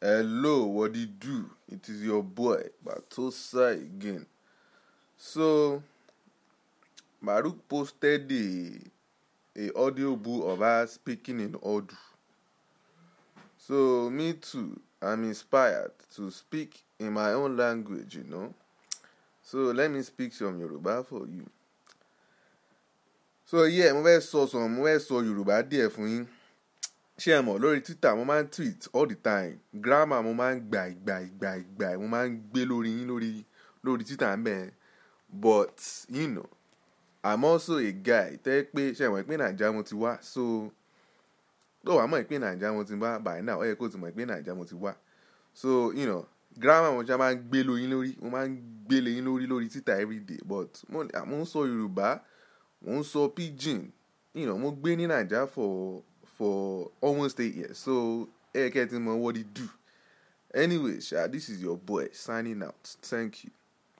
Hello, what do you do? It is your boy, Batosa again. So, Maruk posted a, a audio book of us speaking in Urdu. So, me too, I'm inspired to speak in my own language, you know. So, let me speak some Yoruba for you. So, yeah, mo fẹ́ sọ sọ mo fẹ́ sọ Yorùbá díẹ̀ fún yín ṣé ẹ mọ̀ lórí twitter mo máa ń tweet all the time grammar mo máa ń gbà ìgbà ìgbà ìgbà mo máa ń gbé lórí yín lórí lórí twitter ń bẹ̀ but you know i'm also a guy tẹ́ pé ṣé ẹ mọ̀ pé nàìjíríà mo ti wá so tó wàá mọ̀ pé nàìjíríà mo ti wá by now ó yẹ kó o ti mọ̀ pé nàìjíríà mo ti wá so you know grammar mo ṣe máa ń gbé lóyún lórí mo máa ń gbé lóyún lórí lórí twitter everyday but mo ń sọ yorùbá mo ń sọ pidgin you know mo gbé ní nàìjíríà for for almost eight years. So, hey, get him on what he do. Anyways, this is your boy signing out. Thank you.